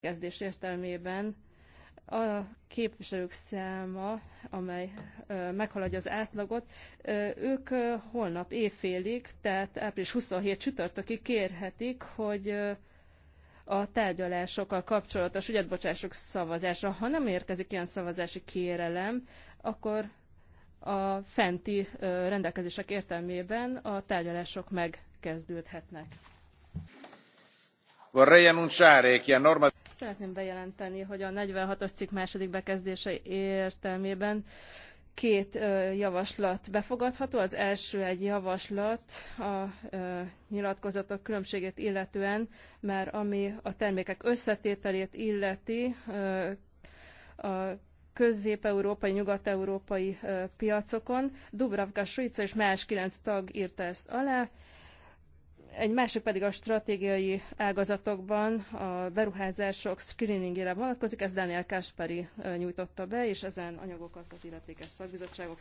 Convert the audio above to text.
kezdés értelmében a képviselők száma, amely meghaladja az átlagot, ők holnap éjfélig, tehát április 27 csütörtökig kérhetik, hogy a tárgyalásokkal kapcsolatos ügyetbocsások szavazásra, ha nem érkezik ilyen szavazási kérelem, akkor a fenti rendelkezések értelmében a tárgyalások megkezdődhetnek. Vorrei annunciare che a norma Szeretném bejelenteni, hogy a 46-os cikk második bekezdése értelmében két ö, javaslat befogadható. Az első egy javaslat a ö, nyilatkozatok különbségét illetően, mert ami a termékek összetételét illeti, ö, a közép-európai, nyugat-európai piacokon. Dubravka Svica és más kilenc tag írta ezt alá egy másik pedig a stratégiai ágazatokban a beruházások screeningére vonatkozik, ezt Daniel Kaspari nyújtotta be, és ezen anyagokat az illetékes szakbizottságok